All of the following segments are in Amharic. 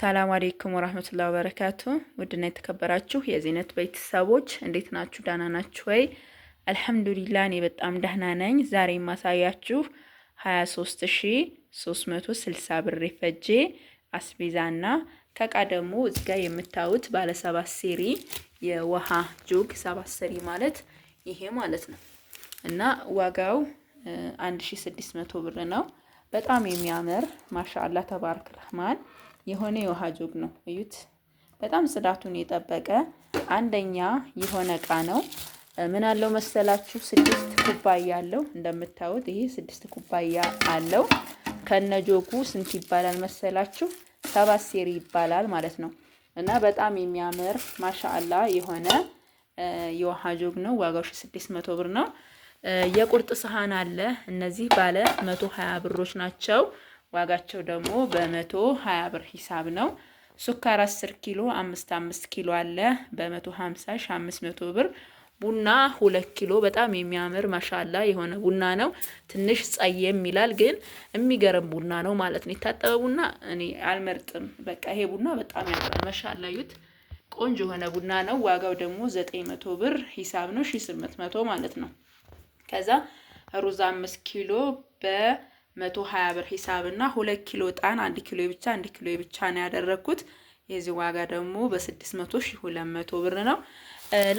ሰላም አሌይኩም ወራህመቱላ ወበረካቱ። ውድና የተከበራችሁ የዜነት ቤተሰቦች እንዴት ናችሁ? ዳና ናችሁ ወይ? አልሐምዱሊላ እኔ በጣም ዳህና ነኝ። ዛሬ የማሳያችሁ 23360 ብር ፈጄ አስቤዛና ከቃ ደግሞ እዚጋ የምታዩት ባለ ሰባት ሴሪ የውሃ ጆግ ሰባት ሴሪ ማለት ይሄ ማለት ነው እና ዋጋው 1600 ብር ነው። በጣም የሚያምር ማሻአላ ተባረክ ረህማን የሆነ የውሃ ጆግ ነው። እዩት፣ በጣም ጽዳቱን የጠበቀ አንደኛ የሆነ እቃ ነው። ምን አለው መሰላችሁ? ስድስት ኩባያ አለው። እንደምታዩት ይሄ ስድስት ኩባያ አለው። ከነጆጉ ስንት ይባላል መሰላችሁ? ሰባት ሴሪ ይባላል ማለት ነው። እና በጣም የሚያምር ማሻአላ የሆነ የውሃ ጆግ ነው። ዋጋው 600 ብር ነው። የቁርጥ ሰሃን አለ። እነዚህ ባለ 120 ብሮች ናቸው። ዋጋቸው ደግሞ በመቶ ሀያ ብር ሂሳብ ነው። ሱካር 10 ኪሎ 5 5 ኪሎ አለ በ150 ሺህ 500 ብር። ቡና 2 ኪሎ በጣም የሚያምር ማሻላ የሆነ ቡና ነው። ትንሽ ጸየም ይላል ግን የሚገርም ቡና ነው ማለት ነው። የታጠበ ቡና እኔ አልመርጥም። በቃ ይሄ ቡና በጣም ያምራል። ማሻላ ዩት ቆንጆ የሆነ ቡና ነው። ዋጋው ደግሞ 900 ብር ሂሳብ ነው፣ 1800 ማለት ነው። ከዛ ሩዝ 5 ኪሎ በ መቶ ሀያ ብር ሂሳብ እና ሁለት ኪሎ ጣን አንድ ኪሎ ብቻ አንድ ኪሎ ብቻ ነው ያደረግኩት። የዚህ ዋጋ ደግሞ በስድስት መቶ ሺህ ሁለት መቶ ብር ነው።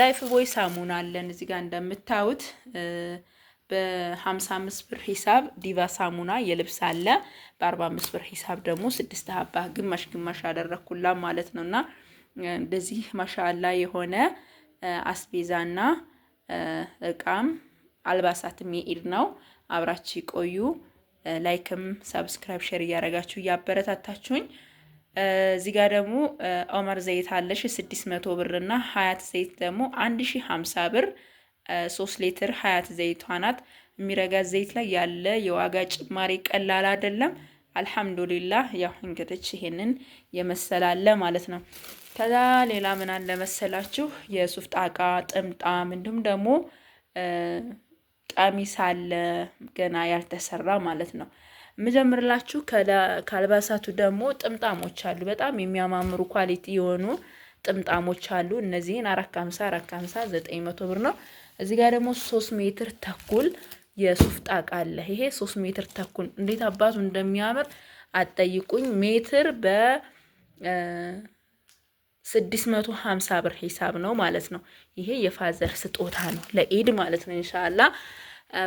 ላይፍ ቦይ ሳሙና አለን እዚህ ጋር እንደምታዩት በ55 ብር ሂሳብ ዲቫ ሳሙና የልብስ አለ። በ45 ብር ሂሳብ ደግሞ ስድስት ሀባ ግማሽ ግማሽ ያደረግኩላ ማለት ነው እና እንደዚህ ማሻላ የሆነ አስቤዛና እቃም አልባሳትም የኢድ ነው። አብራች ቆዩ። ላይክም ሰብስክራይብ ሼር እያረጋችሁ እያበረታታችሁኝ እዚህ ጋር ደግሞ ኦመር ዘይት አለሽ 600 ብር እና ሀያት ዘይት ደግሞ 1050 ብር 3 ሊትር ሀያት ዘይቷ ናት። የሚረጋ ዘይት ላይ ያለ የዋጋ ጭማሪ ቀላል አይደለም። አልሐምዱሊላ ያው እንግዲህ ይሄንን የመሰላለ ማለት ነው። ከዛ ሌላ ምን አለ የሱፍ ጣቃ ጥምጣም እንዲሁም ደግሞ ቀሚስ አለ ገና ያልተሰራ ማለት ነው። የምጀምርላችሁ ከአልባሳቱ ደግሞ ጥምጣሞች አሉ። በጣም የሚያማምሩ ኳሊቲ የሆኑ ጥምጣሞች አሉ። እነዚህን አራት ሀምሳ አራት ሀምሳ ዘጠኝ መቶ ብር ነው። እዚህ ጋር ደግሞ ሶስት ሜትር ተኩል የሱፍ ጣቃ አለ። ይሄ ሶስት ሜትር ተኩል እንዴት አባቱ እንደሚያምር አትጠይቁኝ። ሜትር በ 650 ብር ሂሳብ ነው ማለት ነው። ይሄ የፋዘር ስጦታ ነው ለኢድ ማለት ነው ኢንሻአላ።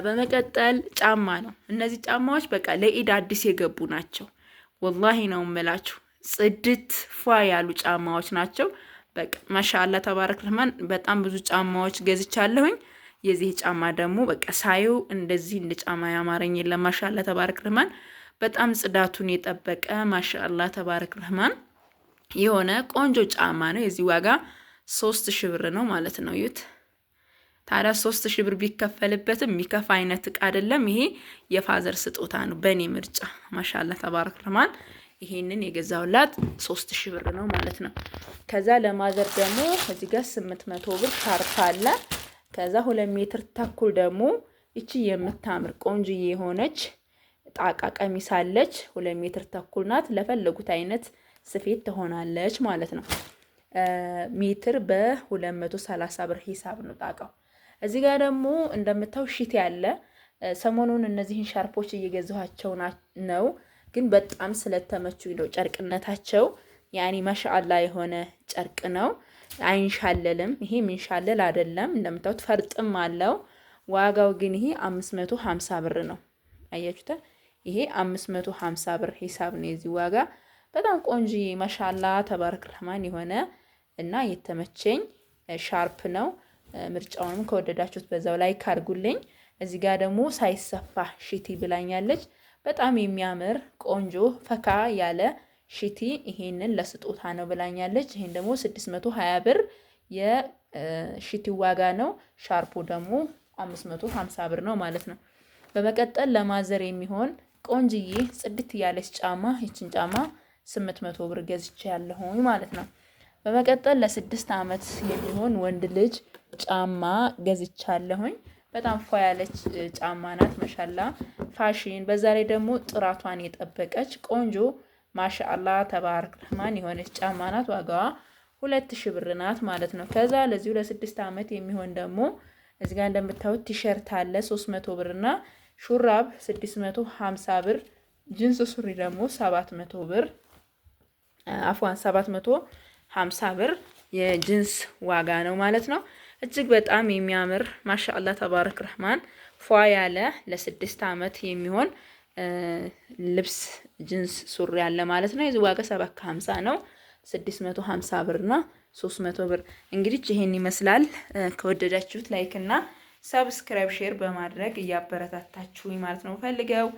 በመቀጠል ጫማ ነው። እነዚህ ጫማዎች በቃ ለኢድ አዲስ የገቡ ናቸው። ወላሂ ነው የምላችሁ ጽድት ፏ ያሉ ጫማዎች ናቸው። በቃ ማሻአላ ተባረክ ረህማን። በጣም ብዙ ጫማዎች ገዝቻለሁኝ። የዚህ ጫማ ደግሞ በቃ ሳየው እንደዚህ እንደ ጫማ ያማረኝ የለም። ማሻአላ ተባረክ ረህማን። በጣም ጽዳቱን የጠበቀ ማሻአላ ተባረክ ረህማን የሆነ ቆንጆ ጫማ ነው። የዚህ ዋጋ ሶስት ሺ ብር ነው ማለት ነው። ዩት ታዲያ ሶስት ሺ ብር ቢከፈልበትም የሚከፋ አይነት እቃ አይደለም። ይሄ የፋዘር ስጦታ ነው በእኔ ምርጫ። ማሻላ ተባረክ ረህማን። ይሄንን የገዛሁላት ሶስት ሺ ብር ነው ማለት ነው። ከዛ ለማዘር ደግሞ እዚህ ጋር ስምንት መቶ ብር ሻርፕ አለ። ከዛ ሁለት ሜትር ተኩል ደግሞ እቺ የምታምር ቆንጅዬ የሆነች ጣቃ ቀሚስ አለች። ሁለት ሜትር ተኩል ናት። ለፈለጉት አይነት ስፌት ትሆናለች ማለት ነው። ሜትር በ230 ብር ሂሳብ ነው ጣቃው። እዚህ ጋር ደግሞ እንደምታው ሽት ያለ ሰሞኑን እነዚህን ሻርፖች እየገዛኋቸው ነው፣ ግን በጣም ስለተመቹ ነው። ጨርቅነታቸው ያኔ ማሻአላ የሆነ ጨርቅ ነው። አይንሻለልም። ይሄ የሚንሻለል አይደለም። እንደምታውት ፈርጥም አለው። ዋጋው ግን ይሄ 550 ብር ነው። አያችሁታ። ይሄ 550 ብር ሂሳብ ነው የዚህ ዋጋ። በጣም ቆንጂ መሻላ ተባረክ ረህማን የሆነ እና የተመቸኝ ሻርፕ ነው። ምርጫውንም ከወደዳችሁት በዛው ላይ ካርጉልኝ። እዚህ ጋር ደግሞ ሳይሰፋ ሽቲ ብላኛለች። በጣም የሚያምር ቆንጆ ፈካ ያለ ሽቲ ይሄንን ለስጦታ ነው ብላኛለች። ይሄን ደግሞ 620 ብር የሽቲ ዋጋ ነው። ሻርፑ ደግሞ 550 ብር ነው ማለት ነው። በመቀጠል ለማዘር የሚሆን ቆንጅዬ ጽድት ያለች ጫማ ይችን ጫማ ስምንት መቶ ብር ገዝቼ ያለሁኝ ማለት ነው። በመቀጠል ለስድስት ዓመት የሚሆን ወንድ ልጅ ጫማ ገዝቻለሁኝ። በጣም ፏ ያለች ጫማ ናት። መሻላ ፋሽን፣ በዛ ላይ ደግሞ ጥራቷን የጠበቀች ቆንጆ ማሻአላ ተባረክ ረህማን የሆነች ጫማ ናት። ዋጋዋ ሁለት ሺ ብር ናት ማለት ነው። ከዛ ለዚሁ ለስድስት ዓመት የሚሆን ደግሞ እዚጋ እንደምታዩት ቲሸርት አለ ሶስት መቶ ብር እና ሹራብ ስድስት መቶ ሀምሳ ብር ጅንስ ሱሪ ደግሞ ሰባት መቶ ብር አፏን 750 ብር የጅንስ ዋጋ ነው ማለት ነው። እጅግ በጣም የሚያምር ማሻአላ ተባረክ ረህማን ፏ ያለ ለስድስት አመት የሚሆን ልብስ ጅንስ ሱሪ ያለ ማለት ነው። የዚህ ዋጋ 750 ነው። 650 ብር ሀምሳ 300 ብር እንግዲህ ይሄን ይመስላል። ከወደዳችሁት ላይክ እና ሰብስክራይብ ሼር በማድረግ እያበረታታችሁኝ ማለት ነው ፈልገው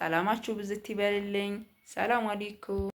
ሰላማችሁ ብዝት ይበልልኝ። ሰላም አለይኩም